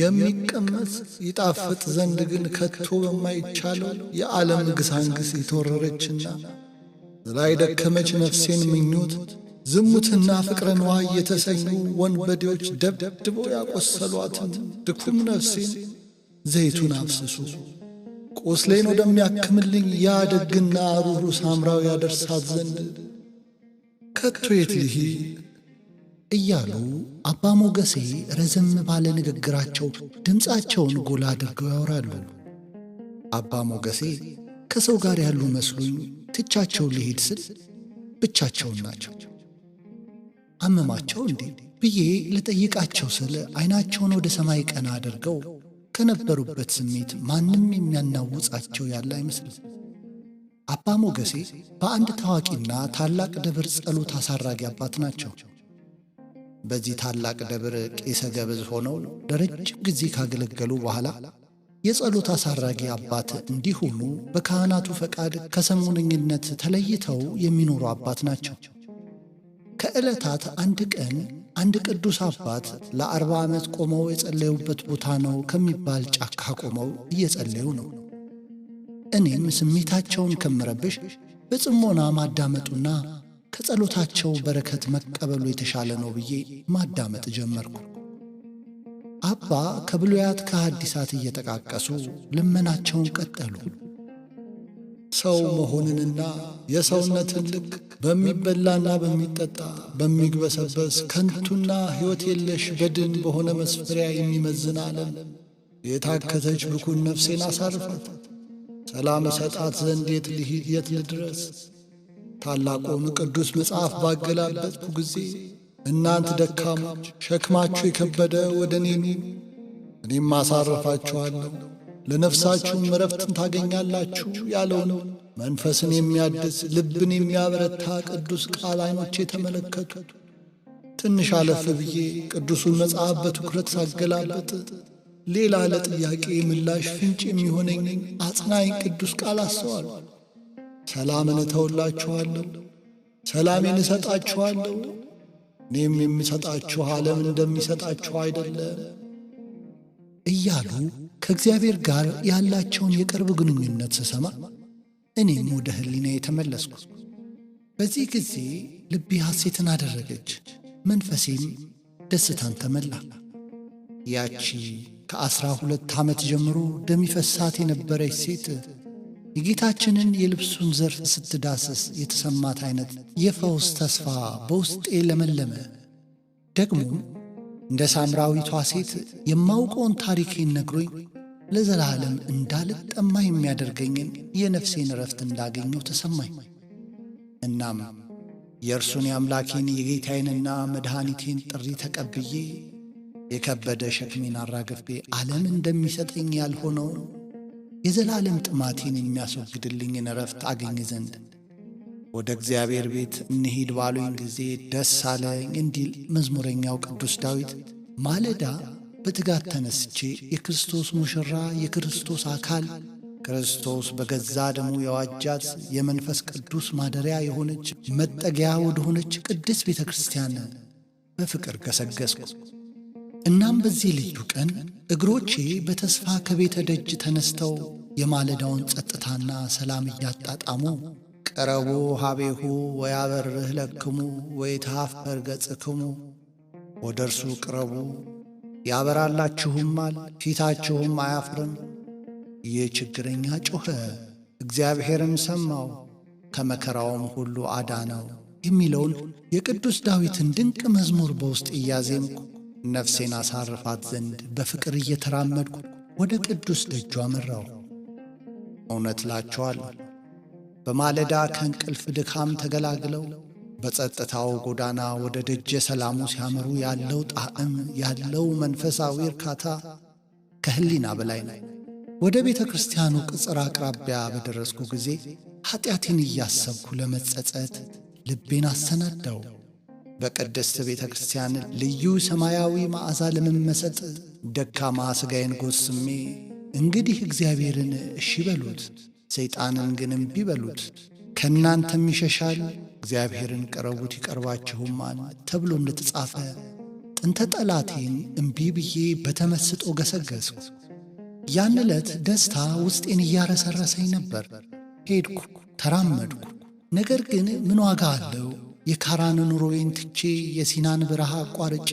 የሚቀመስ ይጣፍጥ ዘንድ ግን ከቶ በማይቻለው የዓለም ግሳንግስ የተወረረችና ላይ ደከመች ነፍሴን ምኞት ዝሙትና ፍቅርን ዋ የተሰኙ ወንበዴዎች ደብድቦ ያቆሰሏትን ድኩም ነፍሴን ዘይቱን አፍስሱ ቁስሌን ወደሚያክምልኝ ያ ደግና ሩኅሩህ ሳምራዊ ያደርሳት ዘንድ ከቶ የት ልሂድ? እያሉ አባ ሞገሴ ረዘም ባለ ንግግራቸው ድምፃቸውን ጎላ አድርገው ያወራሉ። አባ ሞገሴ ከሰው ጋር ያሉ መስሉኝ ትቻቸው ሊሄድ ስል ብቻቸውን ናቸው። አመማቸው እንዴ ብዬ ልጠይቃቸው ስል ዐይናቸውን ወደ ሰማይ ቀና አድርገው ከነበሩበት ስሜት ማንም የሚያናውጻቸው ያለ አይመስልም። አባ ሞገሴ በአንድ ታዋቂና ታላቅ ደብር ጸሎት አሳራጊ አባት ናቸው። በዚህ ታላቅ ደብር ቄሰ ገበዝ ሆነው ለረጅም ጊዜ ካገለገሉ በኋላ የጸሎት አሳራጊ አባት እንዲሆኑ በካህናቱ ፈቃድ ከሰሞነኝነት ተለይተው የሚኖሩ አባት ናቸው። ከዕለታት አንድ ቀን አንድ ቅዱስ አባት ለአርባ ዓመት ቆመው የጸለዩበት ቦታ ነው ከሚባል ጫካ ቆመው እየጸለዩ ነው። እኔም ስሜታቸውን ከምረብሽ በጽሞና ማዳመጡና ከጸሎታቸው በረከት መቀበሉ የተሻለ ነው ብዬ ማዳመጥ ጀመርኩ። አባ ከብሉያት ከሐዲሳት እየጠቃቀሱ ልመናቸውን ቀጠሉ። ሰው መሆንንና የሰውነትን ልክ በሚበላና በሚጠጣ በሚግበሰበስ ከንቱና ሕይወት የለሽ በድን በሆነ መስፈሪያ የሚመዝን ዓለም የታከተች ብኩን ነፍሴን አሳርፋት። ሰላም እሰጣት ዘንድ የት ልሂድ፣ የት ልድረስ ታላቁን ቅዱስ መጽሐፍ ባገላበጥኩ ጊዜ እናንት ደካሞች ሸክማችሁ የከበደ ወደ እኔ ኑ፣ እኔም አሳርፋችኋለሁ፣ ለነፍሳችሁም እረፍትን ታገኛላችሁ ያለውን መንፈስን የሚያድስ ልብን የሚያበረታ ቅዱስ ቃል ዓይኖቼ ተመለከቱ። ትንሽ አለፍ ብዬ ቅዱሱን መጽሐፍ በትኩረት ሳገላበጥ ሌላ ለጥያቄ ምላሽ ፍንጭ የሚሆነኝ አጽናኝ ቅዱስ ቃል አስተዋልኩ። ሰላምን እተውላችኋለሁ፣ ሰላሜን እሰጣችኋለሁ። እኔም የምሰጣችሁ ዓለም እንደሚሰጣችሁ አይደለም እያሉ ከእግዚአብሔር ጋር ያላቸውን የቅርብ ግንኙነት ስሰማ እኔም ወደ ሕሊና የተመለስኩ። በዚህ ጊዜ ልቤ ሐሴትን አደረገች፣ መንፈሴም ደስታን ተመላ። ያቺ ከዐሥራ ሁለት ዓመት ጀምሮ ደሚፈሳት የነበረች ሴት የጌታችንን የልብሱን ዘርፍ ስትዳስስ የተሰማት አይነት የፈውስ ተስፋ በውስጤ ለመለመ። ደግሞም እንደ ሳምራዊቷ ሴት የማውቀውን ታሪኬን ነግሮኝ ለዘላለም እንዳልጠማ የሚያደርገኝን የነፍሴን ረፍት እንዳገኘው ተሰማኝ። እናም የእርሱን የአምላኬን የጌታዬንና መድኃኒቴን ጥሪ ተቀብዬ የከበደ ሸክሜን አራግፌ ዓለም እንደሚሰጠኝ ያልሆነውን የዘላለም ጥማቴን የሚያስወግድልኝን እረፍት አገኝ ዘንድ ወደ እግዚአብሔር ቤት እንሂድ ባሉኝ ጊዜ ደስ አለኝ እንዲል መዝሙረኛው ቅዱስ ዳዊት ማለዳ በትጋት ተነስቼ የክርስቶስ ሙሽራ የክርስቶስ አካል ክርስቶስ በገዛ ደሙ የዋጃት የመንፈስ ቅዱስ ማደሪያ የሆነች መጠጊያ ወደሆነች ቅድስት ቤተ ክርስቲያን በፍቅር ገሰገስኩ። እናም በዚህ ልዩ ቀን እግሮቼ በተስፋ ከቤተ ደጅ ተነስተው የማለዳውን ጸጥታና ሰላም እያጣጣሙ ቀረቡ ሀቤሁ ወያበርህ ለክሙ ወይትኀፈር ገጽክሙ ወደ እርሱ ቅረቡ ያበራላችሁማል፣ ፊታችሁም አያፍርም። ይህ ችግረኛ ጮኸ፣ እግዚአብሔርም ሰማው፣ ከመከራውም ሁሉ አዳነው የሚለውን የቅዱስ ዳዊትን ድንቅ መዝሙር በውስጥ እያዜምኩ ነፍሴን አሳርፋት ዘንድ በፍቅር እየተራመድኩ ወደ ቅዱስ ደጁ አመራው። እውነት እላቸዋለሁ በማለዳ ከእንቅልፍ ድካም ተገላግለው በጸጥታው ጎዳና ወደ ደጀ ሰላሙ ሲያመሩ ያለው ጣዕም ያለው መንፈሳዊ እርካታ ከህሊና በላይ ነው። ወደ ቤተ ክርስቲያኑ ቅጽር አቅራቢያ በደረስኩ ጊዜ ኀጢአቴን እያሰብኩ ለመጸጸት ልቤን አሰናዳው። በቅድስት ቤተ ክርስቲያን ልዩ ሰማያዊ መዓዛ ለመመሰጥ ደካማ ሥጋዬን ጎስሜ እንግዲህ እግዚአብሔርን እሺ በሉት፣ ሰይጣንን ግን እምቢ በሉት፣ ከእናንተም ይሸሻል፣ እግዚአብሔርን ቅረቡት ይቀርባችሁማል ተብሎ እንደተጻፈ ጥንተ ጠላቴን እምቢ ብዬ በተመስጦ ገሰገስኩ። ያን ዕለት ደስታ ውስጤን እያረሰረሰኝ ነበር። ሄድኩ፣ ተራመድኩ። ነገር ግን ምን ዋጋ አለው የካራን ኑሮዬን ትቼ የሲናን በረሃ አቋርጬ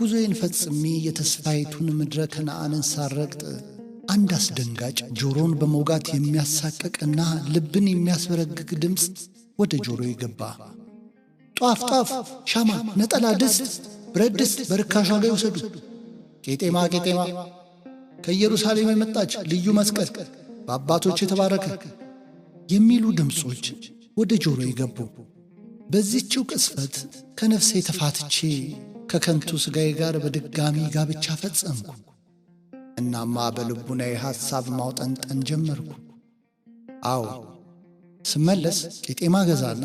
ጉዞዬን ፈጽሜ የተስፋይቱን ምድረ ከነአንን ሳረግጥ አንድ አስደንጋጭ ጆሮን በመውጋት የሚያሳቀቅና ልብን የሚያስበረግግ ድምፅ ወደ ጆሮ ይገባ። ጧፍ ጧፍ፣ ሻማ፣ ነጠላ፣ ድስት፣ ብረት ድስት በርካሽ ዋጋ ይውሰዱ። ቄጤማ ቄጤማ፣ ከኢየሩሳሌም የመጣች ልዩ መስቀል፣ በአባቶች የተባረከ የሚሉ ድምፆች ወደ ጆሮ ይገቡ። በዚችው ቅጽበት ከነፍሴ ተፋትቼ ከከንቱ ሥጋዬ ጋር በድጋሚ ጋብቻ ፈጸምኩ። እናማ በልቡናዬ ሐሳብ ማውጠንጠን ጀመርኩ። አዎ ስመለስ ቄጤማ ገዛና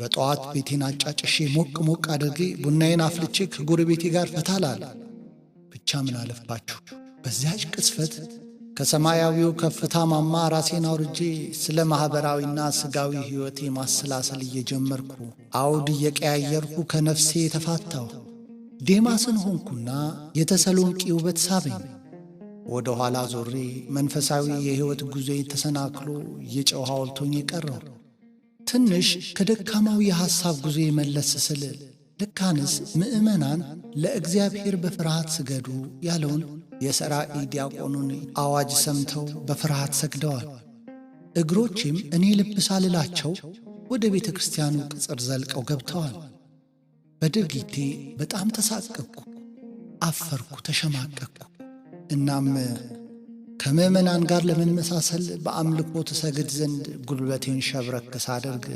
በጠዋት ቤቴን አጫጭሼ ሞቅ ሞቅ አድርጌ ቡናዬን አፍልቼ ከጎረቤቴ ጋር ፈታላለ። ብቻ ምን አለፍባችሁ በዚያች ቅጽበት ከሰማያዊው ከፍታ ማማ ራሴን አውርጄ ስለ ማኅበራዊና ሥጋዊ ሕይወቴ ማሰላሰል እየጀመርኩ አውድ እየቀያየርኩ ከነፍሴ የተፋታሁ ዴማስን ሆንኩና የተሰሎንቄ ውበት ሳበኝ። ወደ ኋላ ዞሬ መንፈሳዊ የሕይወት ጉዞ ተሰናክሎ የጨው ሐውልቶኝ የቀረው ትንሽ ከደካማው የሐሳብ ጉዞ የመለስ ስል ልካንስ ምዕመናን ለእግዚአብሔር በፍርሃት ስገዱ ያለውን የሰራዒ ዲያቆኑን አዋጅ ሰምተው በፍርሃት ሰግደዋል። እግሮቼም እኔ ልብስ አልላቸው ወደ ቤተ ክርስቲያኑ ቅጽር ዘልቀው ገብተዋል። በድርጊቴ በጣም ተሳቀቅኩ፣ አፈርኩ፣ ተሸማቀቅኩ። እናም ከምዕመናን ጋር ለመመሳሰል በአምልኮ ትሰግድ ዘንድ ጉልበቴን ሸብረክ ሳደርግ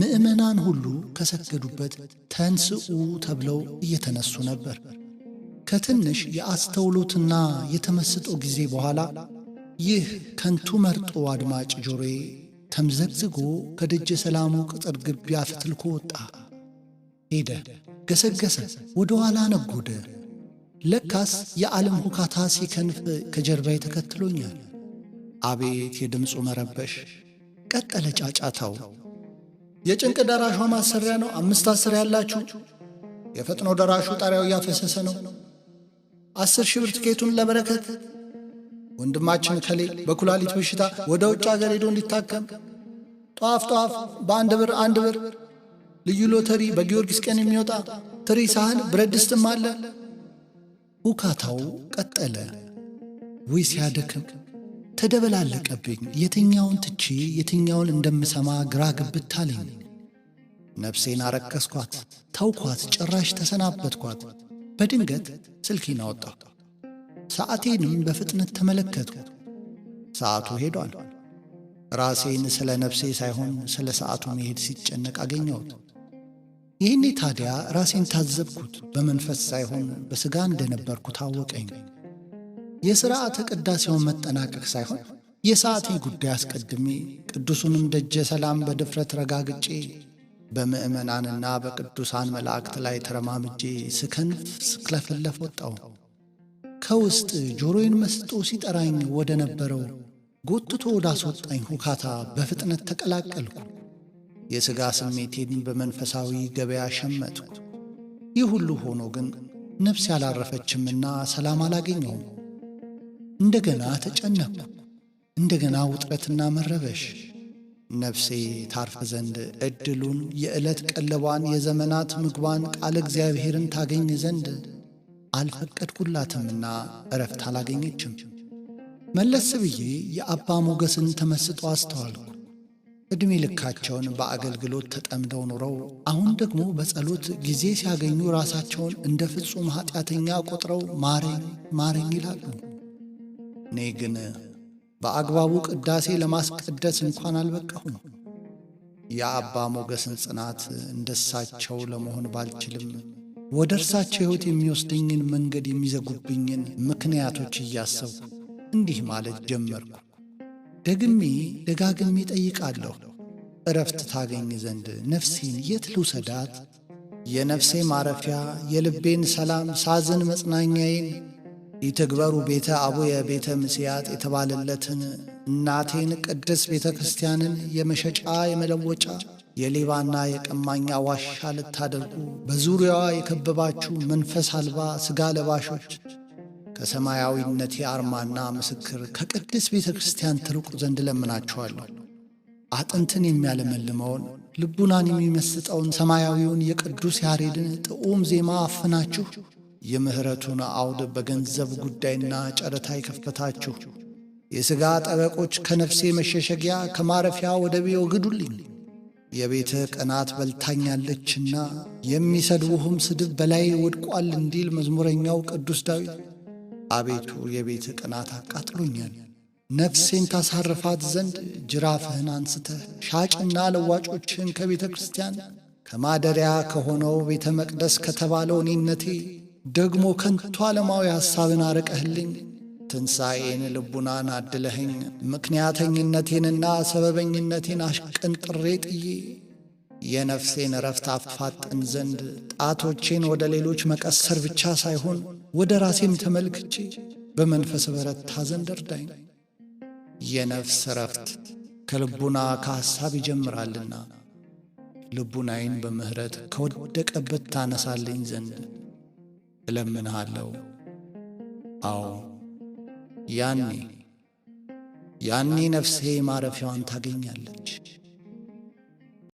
ምዕመናን ሁሉ ከሰገዱበት ተንስኡ ተብለው እየተነሱ ነበር። ከትንሽ የአስተውሎትና የተመስጦ ጊዜ በኋላ ይህ ከንቱ መርጦ አድማጭ ጆሮዬ ተምዘግዝጎ ከደጀ ሰላሙ ቅጥር ግቢያ ፍትልኮ ወጣ፣ ሄደ፣ ገሰገሰ፣ ወደ ኋላ ነጎደ። ለካስ የዓለም ሁካታ ሲከንፍ ከጀርባዬ ተከትሎኛል። አቤት የድምፁ መረበሽ! ቀጠለ ጫጫታው። የጭንቅ ደራሿ ማሰሪያ ነው። አምስት አስር ያላችሁ የፈጥኖ ደራሹ ጣሪያው እያፈሰሰ ነው። አስር ሺህ ብር ትኬቱን ለበረከት ወንድማችን ከሌ በኩላሊት በሽታ ወደ ውጭ ሀገር ሄዶ እንዲታከም ጧፍ ጧፍ በአንድ ብር አንድ ብር ልዩ ሎተሪ በጊዮርጊስ ቀን የሚወጣ ትሪ ሳህን ብረት ድስትም አለ። ውካታው ቀጠለ። ውይ ሲያደክም ተደበላለቀብኝ። የትኛውን ትቼ የትኛውን እንደምሰማ ግራ ግብት አለኝ። ነፍሴን አረከስኳት፣ ተውኳት፣ ጭራሽ ተሰናበትኳት በድንገት ስልኬን አወጣሁ። ሰዓቴንም በፍጥነት ተመለከትኩ። ሰዓቱ ሄዷል። ራሴን ስለ ነፍሴ ሳይሆን ስለ ሰዓቱ መሄድ ሲጨነቅ አገኘሁት። ይህኔ ታዲያ ራሴን ታዘብኩት። በመንፈስ ሳይሆን በሥጋ እንደነበርኩ ታወቀኝ። የሥርዓተ ቅዳሴውን መጠናቀቅ ሳይሆን የሰዓቴ ጉዳይ አስቀድሜ ቅዱሱንም ደጀ ሰላም በድፍረት ረጋግጬ በምዕመናንና በቅዱሳን መላእክት ላይ ተረማምጄ ስከንፍ ስክለፈለፍ ወጣው። ከውስጥ ጆሮዬን መስጦ ሲጠራኝ ወደ ነበረው ጎትቶ ወዳስወጣኝ ሁካታ በፍጥነት ተቀላቀልኩ። የሥጋ ስሜቴን በመንፈሳዊ ገበያ ሸመጥኩ። ይህ ሁሉ ሆኖ ግን ነፍስ ያላረፈችምና ሰላም አላገኘውም። እንደገና ተጨነቅኩ። እንደገና ውጥረትና መረበሽ ነፍሴ ታርፍ ዘንድ እድሉን የዕለት ቀለቧን የዘመናት ምግቧን ቃል እግዚአብሔርን ታገኝ ዘንድ አልፈቀድኩላትምና እረፍት አላገኘችም። መለስ ብዬ የአባ ሞገስን ተመስጦ አስተዋልኩ። ዕድሜ ልካቸውን በአገልግሎት ተጠምደው ኑረው አሁን ደግሞ በጸሎት ጊዜ ሲያገኙ ራሳቸውን እንደ ፍጹም ኀጢአተኛ ቆጥረው ማረኝ ማረኝ ይላሉ። እኔ ግን በአግባቡ ቅዳሴ ለማስቀደስ እንኳን አልበቃሁም። የአባ ሞገስን ጽናት እንደሳቸው ለመሆን ባልችልም ወደ እርሳቸው ሕይወት የሚወስደኝን መንገድ የሚዘጉብኝን ምክንያቶች እያሰብኩ እንዲህ ማለት ጀመርኩ። ደግሜ ደጋግሜ ጠይቃለሁ፣ እረፍት ታገኝ ዘንድ ነፍሴን የት ልውሰዳት? የነፍሴ ማረፊያ የልቤን ሰላም ሳዝን መጽናኛዬን ይትግበሩ ቤተ አቡየ ቤተ ምስያጥ የተባለለትን እናቴን ቅድስ ቤተ ክርስቲያንን የመሸጫ የመለወጫ የሌባና የቀማኛ ዋሻ ልታደርጉ በዙሪያዋ የከበባችሁ መንፈስ አልባ ሥጋ ለባሾች ከሰማያዊነት አርማና ምስክር ከቅድስ ቤተ ክርስቲያን ትርቁ ዘንድ ለምናችኋለሁ። አጥንትን የሚያለመልመውን ልቡናን የሚመስጠውን ሰማያዊውን የቅዱስ ያሬድን ጥዑም ዜማ አፍናችሁ የምሕረቱን አውድ በገንዘብ ጉዳይና ጨረታ ይከፍታችሁ። የሥጋ ጠበቆች ከነፍሴ መሸሸጊያ ከማረፊያ ወደቤ ወግዱልኝ። የቤትህ ቅናት በልታኛለችና የሚሰድውህም ስድብ በላይ ወድቋል እንዲል መዝሙረኛው ቅዱስ ዳዊት። አቤቱ የቤት ቅናት አቃጥሎኛል። ነፍሴን ታሳርፋት ዘንድ ጅራፍህን አንስተህ ሻጭና ለዋጮችህን ከቤተ ክርስቲያን ከማደሪያ ከሆነው ቤተ መቅደስ ከተባለው እኔነቴ ደግሞ ከንቱ ዓለማዊ ሐሳብን አርቀህልኝ ትንሣኤን ልቡናን አድለህኝ ምክንያተኝነቴንና ሰበበኝነቴን አሽቀንጥሬ ጥዬ የነፍሴን እረፍት አፋጥን ዘንድ ጣቶቼን ወደ ሌሎች መቀሰር ብቻ ሳይሆን ወደ ራሴም ተመልክቼ በመንፈስ በረታ ዘንድ እርዳኝ። የነፍስ እረፍት ከልቡና ከሐሳብ ይጀምራልና ልቡናዬን በምሕረት ከወደቀበት ታነሳልኝ ዘንድ እለምንሃለሁ። አዎ ያኔ ያኔ ነፍሴ ማረፊያዋን ታገኛለች።